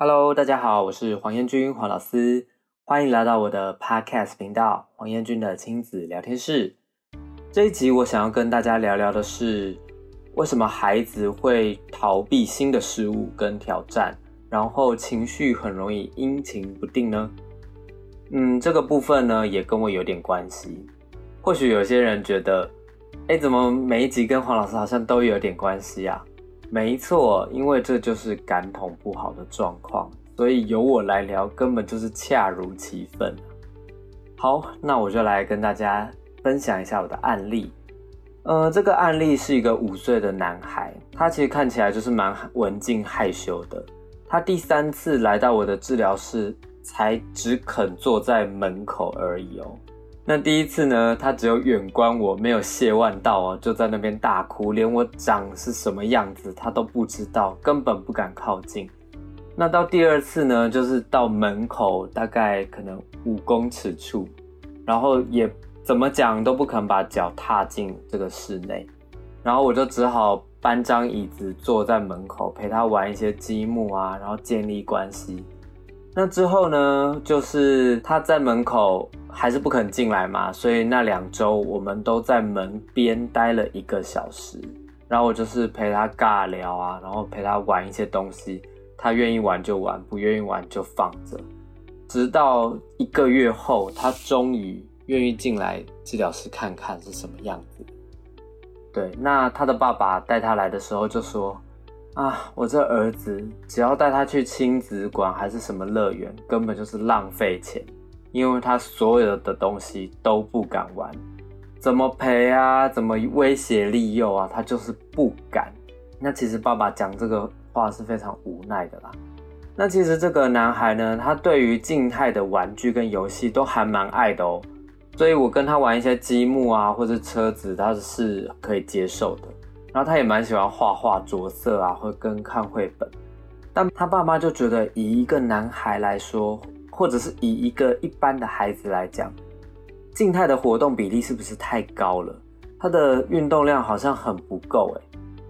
Hello，大家好，我是黃彥軍黃老師，歡迎來到我的 Podcast 頻道黃彥軍的親子聊天室。這一集我想要跟大家聊聊的是，為什麼孩子會逃避新的事物跟挑戰，然後情緒很容易陰晴不定呢？嗯，這個部分呢也跟我有點關係。或許有些人覺得，哎、欸，怎麼每一集跟黃老師好像都有點關係呀、啊？沒錯，因為這就是感統不好的狀況，所以由我來聊根本就是恰如其分。好，那我就來跟大家分享一下我的案例。呃，這個案例是一個五歲的男孩，他其實看起來就是蠻文靜害羞的。他第三次來到我的治療室，才只肯坐在門口而已哦。那第一次呢，他只有遠觀我，沒有謝萬道哦，就在那邊大哭，連我長是什麼樣子他都不知道，根本不敢靠近。那到第二次呢，就是到門口，大概可能五公尺處，然後也怎麼講都不肯把腳踏進這個室內，然後我就只好搬張椅子坐在門口陪他玩一些積木啊，然後建立關係。那之後呢，就是他在門口還是不肯進來嘛，所以那兩周我們都在門邊待了一個小時，然後我就是陪他尬聊啊，然後陪他玩一些東西，他願意玩就玩，不願意玩就放着。直到一個月後，他終於願意進來治療室看看是什麼樣子。對，那他的爸爸帶他來的時候就說，啊，我這兒子只要帶他去親子館還是什麼樂園，根本就是浪費錢，因為他所有的東西都不敢玩，怎麼陪啊？怎麼威脅利誘啊？他就是不敢。那其實爸爸講這個話是非常無奈的啦。那其實這個男孩呢，他對於靜態的玩具跟遊戲都還蠻愛的哦，所以我跟他玩一些積木啊或者車子，他是可以接受的。然後他也蠻喜歡畫畫、着色啊，會跟看繪本。但他爸媽就覺得，以一個男孩來說，或者是以一個一般的孩子來講，靜態的活動比例是不是太高了？他的運動量好像很不夠。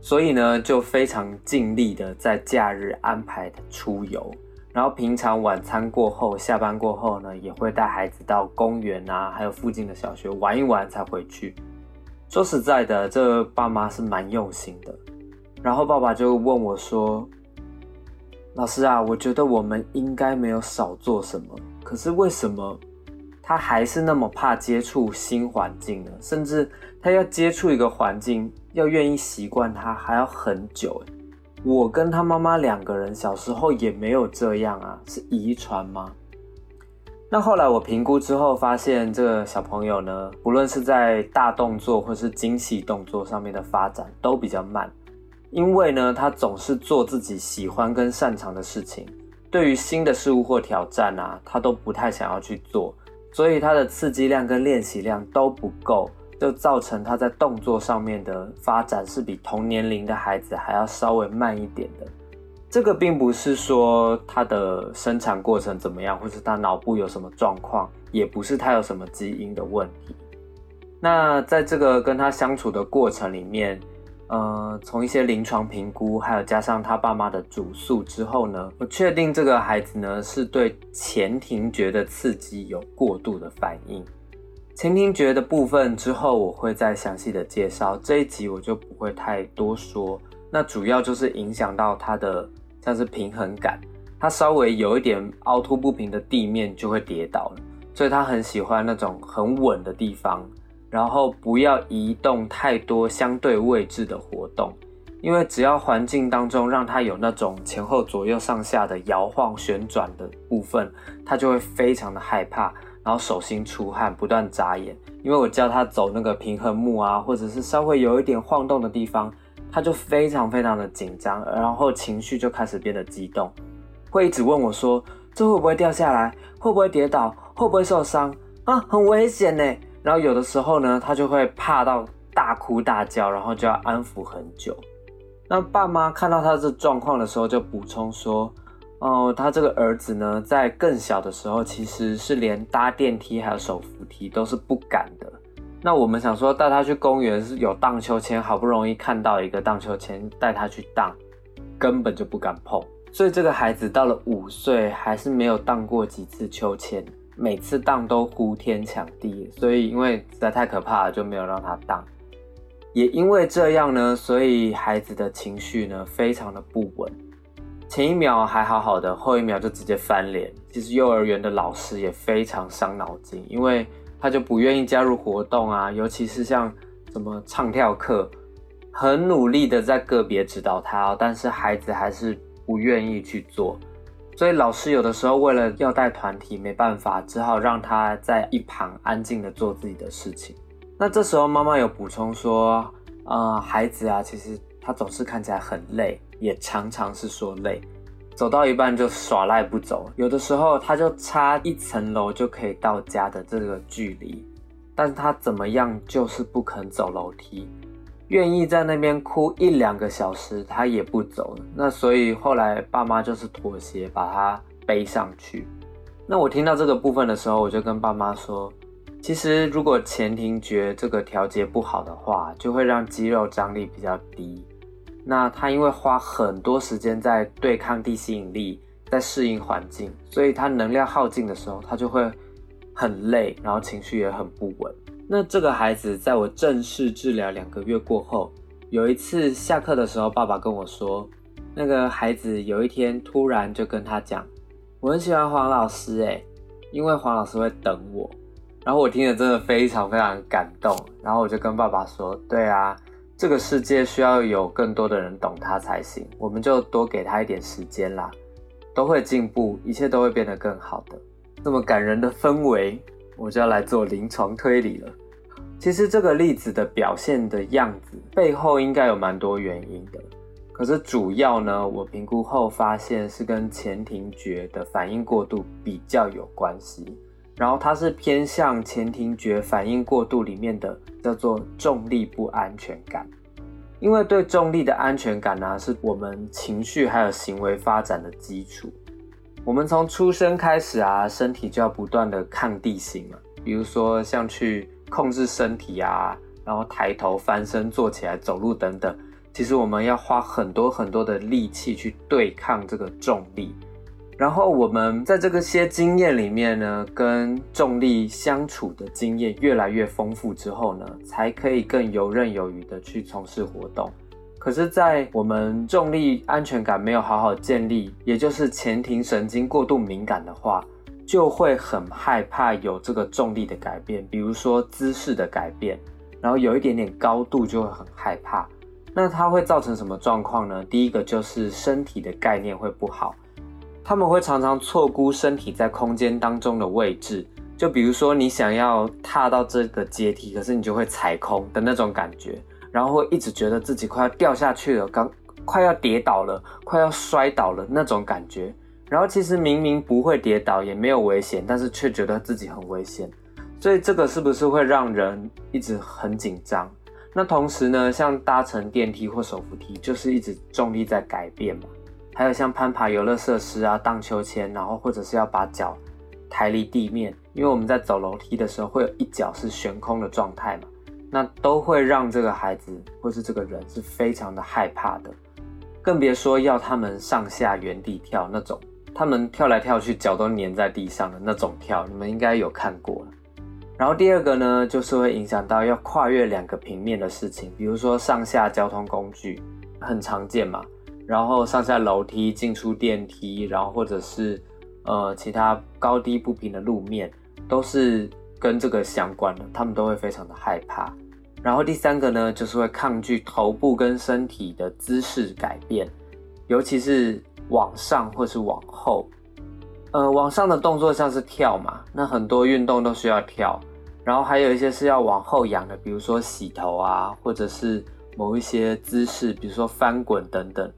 所以呢，就非常盡力的在假日安排出遊，然後平常晚餐過後、下班過後呢，也會帶孩子到公園啊，還有附近的小學玩一玩才回去。說實在的，這個爸媽是蠻用心的。然後爸爸就問我說：“老師啊，我覺得我們應該沒有少做什麼，可是為什麼他還是那麼怕接觸新環境呢？甚至他要接觸一個環境，要願意習慣他還要很久。我跟他媽媽兩個人小時候也沒有這樣啊，是遺傳嗎？”那後來我評估之後，發現這個小朋友呢，不論是在大動作或是精細動作上面的發展都比較慢，因為呢，他總是做自己喜歡跟擅長的事情，對於新的事物或挑戰啊，他都不太想要去做，所以他的刺激量跟練習量都不夠，就造成他在動作上面的發展是比同年齡的孩子還要稍微慢一點的。這個並不是說他的生產過程怎麼樣，或是他腦部有什麼狀況，也不是他有什麼基因的問題。那在這個跟他相處的過程裡面，呃，從一些臨床評估，還有加上他爸媽的主訴之後呢，我確定這個孩子呢是對前庭覺的刺激有過度的反應。前庭覺的部分之後我會再詳細的介紹，這一集我就不會太多說。那主要就是影響到他的。像是平衡感，他稍微有一點凹凸不平的地面就會跌倒了，所以他很喜歡那種很穩的地方，然後不要移動太多相對位置的活動，因為只要環境當中讓他有那種前後左右上下的搖晃旋轉的部分，他就會非常的害怕，然後手心出汗，不斷眨眼。因為我教他走那個平衡木啊，或者是稍微有一點晃動的地方。他就非常非常的緊張，然後情緒就開始變得激動，會一直問我說：“這會不會掉下來？會不會跌倒？會不會受傷？啊，很危險呢。”然後有的時候呢，他就會怕到大哭大叫，然後就要安撫很久。那爸媽看到他這狀況的時候，就補充說：“哦、呃，他這個兒子呢，在更小的時候，其實是連搭電梯還有手扶梯都是不敢的。”那我們想說帶他去公園是有盪秋千，好不容易看到一個盪秋千，帶他去盪，根本就不敢碰。所以這個孩子到了五歲還是沒有盪過幾次秋千，每次盪都呼天搶地。所以因為實在太可怕了，就沒有讓他盪。也因為這樣呢，所以孩子的情緒呢非常的不穩，前一秒還好好的，後一秒就直接翻臉。其實幼兒園的老師也非常傷腦筋，因為。他就不願意加入活動啊，尤其是像什麼唱跳課，很努力的在個別指導他哦，但是孩子還是不願意去做。所以老師有的時候為了要帶團體，沒辦法，只好讓他在一旁安靜的做自己的事情。那這時候媽媽有補充說，啊，呃，孩子啊，其實他總是看起來很累，也常常是說累。走到一半就耍賴不走，有的時候他就差一層樓就可以到家的這個距離，但他怎麼樣就是不肯走樓梯，願意在那邊哭一兩個小時他也不走。那所以後來爸媽就是妥協，把他背上去。那我聽到這個部分的時候，我就跟爸媽說，其實如果前庭覺這個調節不好的話，就會讓肌肉張力比較低。那他因為花很多時間在對抗地心引力，在適應環境，所以他能量耗盡的時候，他就會很累，然後情緒也很不穩。那這個孩子在我正式治療兩個月過後，有一次下課的時候，爸爸跟我說，那個孩子有一天突然就跟他講：“我很喜歡黃老師欸，誒，因為黃老師會等我。”然後我聽了真的非常非常感動，然後我就跟爸爸說：“對啊。”這個世界需要有更多的人懂它才行，我們就多給他一點時間啦，都會進步，一切都會變得更好的。那麼感人的氛圍，我就要來做臨床推理了。其實這個例子的表現的樣子，背後應該有蠻多原因的，可是主要呢，我評估後發現是跟前庭覺的反應過度比較有關係。然後它是偏向前庭覺反應過度裡面的叫做重力不安全感，因為對重力的安全感呢，啊，是我們情緒還有行為發展的基礎。我們從出生開始啊，身體就要不斷地抗地形嘛，比如說像去控制身體啊，然後抬頭、翻身、坐起來、走路等等，其實我們要花很多很多的力氣去對抗這個重力。然後我們在這個些經驗裡面呢，跟重力相處的經驗越來越豐富之後呢，才可以更游刃有餘的去從事活動。可是，在我們重力安全感沒有好好建立，也就是前庭神經過度敏感的話，就會很害怕有這個重力的改變，比如說姿勢的改變，然後有一點點高度就會很害怕。那它會造成什麼狀況呢？第一個就是身體的概念會不好。他們會常常錯估身體在空間當中的位置，就比如說你想要踏到這個階梯，可是你就會踩空的那種感覺，然後會一直覺得自己快要掉下去了，剛快要跌倒了，快要摔倒了那種感覺，然後其實明明不會跌倒，也沒有危險，但是卻覺得自己很危險，所以這個是不是會讓人一直很緊張？那同時呢，像搭乘電梯或手扶梯，就是一直重力在改變嘛。還有像攀爬遊樂設施啊、盪秋千，然後或者是要把腳抬離地面，因為我們在走樓梯的時候會有一腳是懸空的狀態嘛，那都會讓這個孩子或是這個人是非常的害怕的，更別說要他們上下原地跳那種，他們跳來跳去腳都粘在地上的那種跳，你們應該有看過了。然後第二個呢，就是會影響到要跨越兩個平面的事情，比如說上下交通工具，很常見嘛。然後上下樓梯、進出電梯，然後或者是呃其他高低不平的路面，都是跟這個相關的，他們都會非常的害怕。然後第三個呢，就是會抗拒頭部跟身體的姿勢改變，尤其是往上或是往後。呃，往上的動作像是跳嘛，那很多運動都需要跳。然後還有一些是要往後仰的，比如說洗頭啊，或者是某一些姿勢，比如說翻滾等等。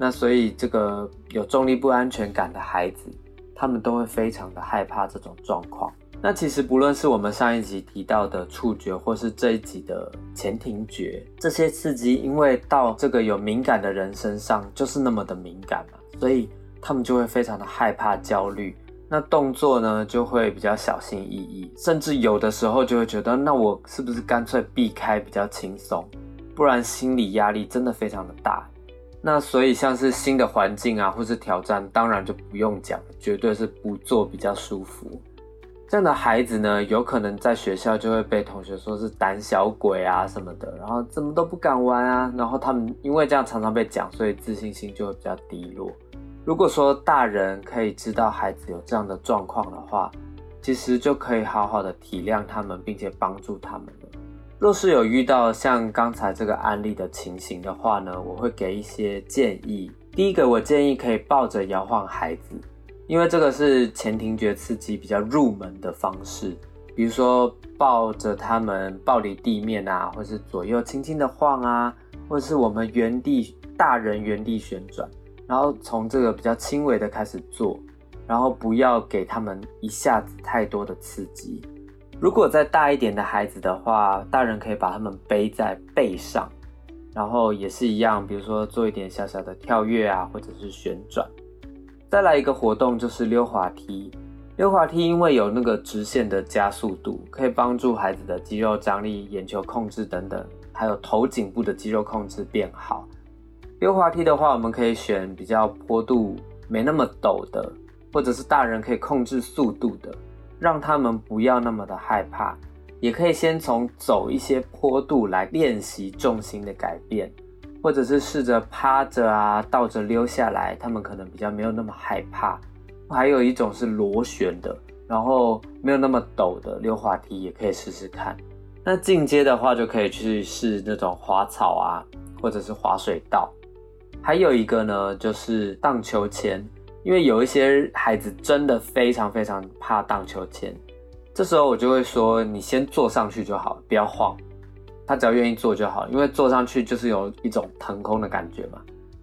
那所以，這個有重力不安全感的孩子，他們都會非常的害怕這種狀況。那其實，不論是我們上一集提到的觸覺，或是這一集的前庭覺，這些刺激，因為到這個有敏感的人身上就是那麼的敏感嘛，所以他們就會非常的害怕、焦慮。那動作呢，就會比較小心翼翼，甚至有的時候就會覺得，那我是不是乾脆避開比較輕鬆，不然心理壓力真的非常的大。那所以像是新的環境啊，或是挑戰，當然就不用講，絕對是不做比較舒服。這樣的孩子呢，有可能在學校就會被同學說是膽小鬼啊什麼的，然後怎麼都不敢玩啊。然後他們因為這樣常常被講，所以自信心就會比較低落。如果說大人可以知道孩子有這樣的狀況的話，其實就可以好好的體諒他們，並且幫助他們。若是有遇到像剛才這個案例的情形的話呢，我會給一些建議。第一個，我建議可以抱着搖晃孩子，因為這個是前庭覺刺激比較入門的方式。比如說抱着他們抱離地面啊，或是左右輕輕的晃啊，或是我們原地，大人原地旋轉，然後從這個比較輕微的開始做，然後不要給他們一下子太多的刺激。如果再大一點的孩子的話，大人可以把他們背在背上，然後也是一樣，比如說做一點小小的跳躍啊，或者是旋轉。再來一個活動就是溜滑梯，溜滑梯因為有那個直線的加速度，可以幫助孩子的肌肉張力、眼球控制等等，還有頭頸部的肌肉控制變好。溜滑梯的話，我們可以選比較坡度沒那麼陡的，或者是大人可以控制速度的。讓他們不要那麼的害怕，也可以先從走一些坡度來練習重心的改變，或者是試着趴着啊、倒着溜下來，他們可能比較沒有那麼害怕。還有一種是螺旋的，然後沒有那麼陡的溜滑梯也可以試試看。那進階的話，就可以去試那種滑草啊，或者是滑水道。還有一個呢，就是盪秋千。因為有一些孩子真的非常非常怕盪秋千，這時候我就會說：“你先坐上去就好，不要晃。”他只要願意坐就好，因為坐上去就是有一種騰空的感覺嘛。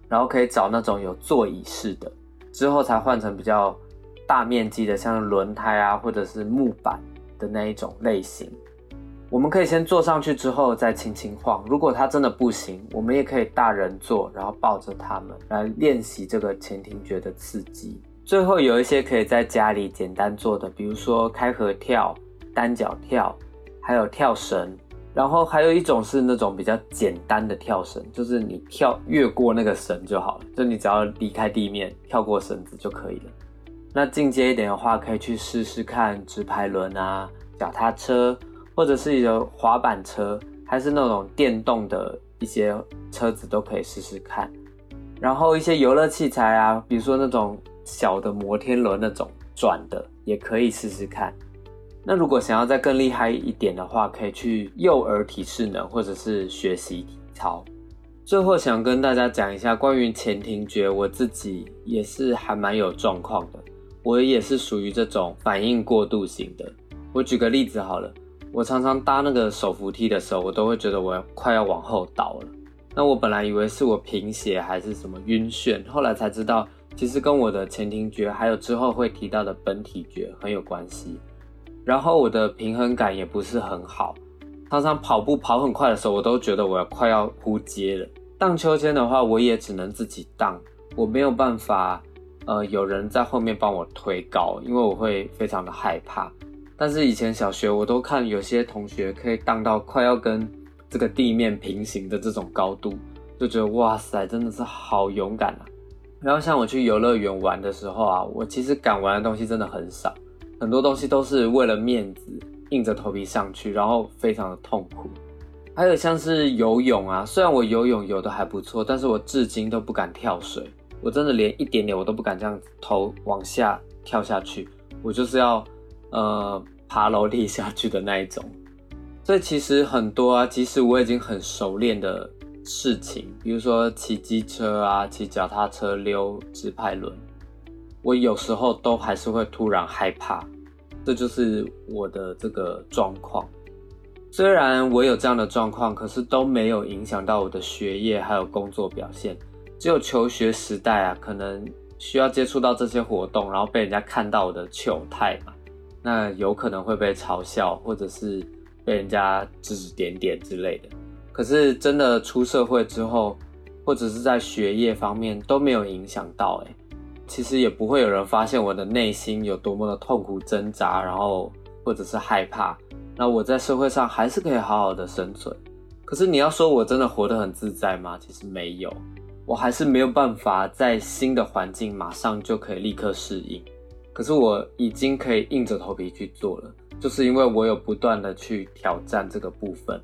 然後可以找那種有座椅式的，之後才換成比較大面積的，像輪胎啊或者是木板的那一種類型。我們可以先坐上去之後再輕輕晃。如果他真的不行，我們也可以大人坐，然後抱着他們來練習這個前庭覺的刺激。最後有一些可以在家裡簡單做的，比如說開合跳、單腳跳，還有跳繩。然後還有一種是那種比較簡單的跳繩，就是你跳越過那個繩就好了，就你只要離開地面跳過繩子就可以了。那進階一點的話，可以去試試看直排輪啊、腳踏車。或者是一個滑板車，還是那種電動的一些車子都可以試試看。然後一些遊樂器材啊，比如說那種小的摩天輪那種轉的，也可以試試看。那如果想要再更厲害一點的話，可以去幼兒體適能，或者是學習體操。最後想跟大家講一下關於前庭覺，我自己也是還蠻有狀況的，我也是屬於這種反應過度型的。我舉個例子好了。我常常搭那個手扶梯的時候，我都會覺得我快要往後倒了。那我本來以為是我貧血還是什麼暈眩，後來才知道其實跟我的前庭覺還有之後會提到的本體覺很有關係。然後我的平衡感也不是很好，常常跑步跑很快的時候，我都覺得我要快要撲街了。盪秋千的話，我也只能自己盪，我沒有辦法，呃，有人在後面幫我推高，因為我會非常的害怕。但是以前小學我都看有些同學可以盪到快要跟這個地面平行的這種高度，就覺得哇塞，真的是好勇敢啊！然後像我去遊樂園玩的時候啊，我其實敢玩的東西真的很少，很多東西都是為了面子硬着頭皮上去，然後非常的痛苦。還有像是游泳啊，雖然我游泳游得還不錯，但是我至今都不敢跳水，我真的連一點點我都不敢這樣子頭往下跳下去，我就是要。呃，爬樓梯下去的那一種，所以其實很多啊，即使我已經很熟練的事情，比如說騎機車啊，騎腳踏車、溜直排輪，我有時候都還是會突然害怕，這就是我的這個狀況。雖然我有這樣的狀況，可是都沒有影響到我的學業還有工作表現，只有求學時代啊，可能需要接觸到這些活動，然後被人家看到我的糗態嘛。那有可能會被嘲笑，或者是被人家指指點點之類的。可是真的出社會之後，或者是在學業方面都沒有影響到，欸。誒，其實也不會有人發現我的內心有多麼的痛苦掙扎，然後或者是害怕。那我在社會上還是可以好好的生存。可是你要說我真的活得很自在嗎？其實沒有，我還是沒有辦法在新的環境馬上就可以立刻適應。可是我已經可以硬着頭皮去做了，就是因為我有不斷的去挑戰這個部分，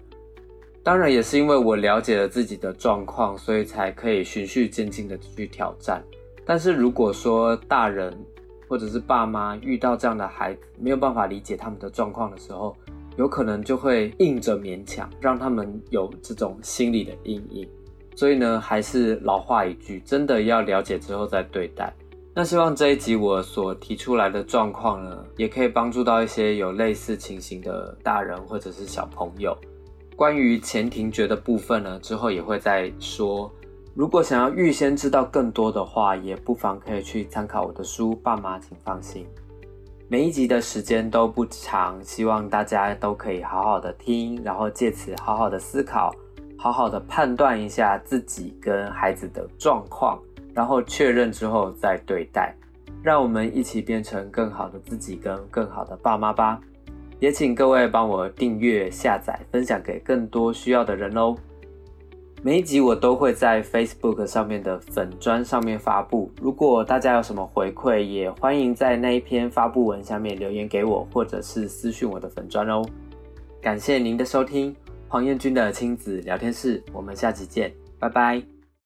當然也是因為我了解了自己的狀況，所以才可以循序漸進的去挑戰。但是如果說大人或者是爸媽遇到這樣的孩子，沒有辦法理解他們的狀況的時候，有可能就會硬着勉強，讓他們有這種心理的陰影。所以呢，還是老話一句，真的要了解之後再對待。那希望這一集我所提出來的狀況呢，也可以幫助到一些有類似情形的大人或者是小朋友。關於前庭覺的部分呢，之後也會再說。如果想要預先知道更多的話，也不妨可以去參考我的書《爸媽請放心》。每一集的時間都不長，希望大家都可以好好的聽，然後借此好好的思考，好好的判斷一下自己跟孩子的狀況。然後確認之後再對待，讓我們一起變成更好的自己跟更好的爸媽吧。也請各位幫我訂閱、下載、分享給更多需要的人哦！每一集我都會在 Facebook 上面的粉專上面發布。如果大家有什麼回饋，也歡迎在那一篇發布文下面留言給我，或者是私訊我的粉專哦。感謝您的收聽，黃彥軍的親子療天室，我們下期見，拜拜。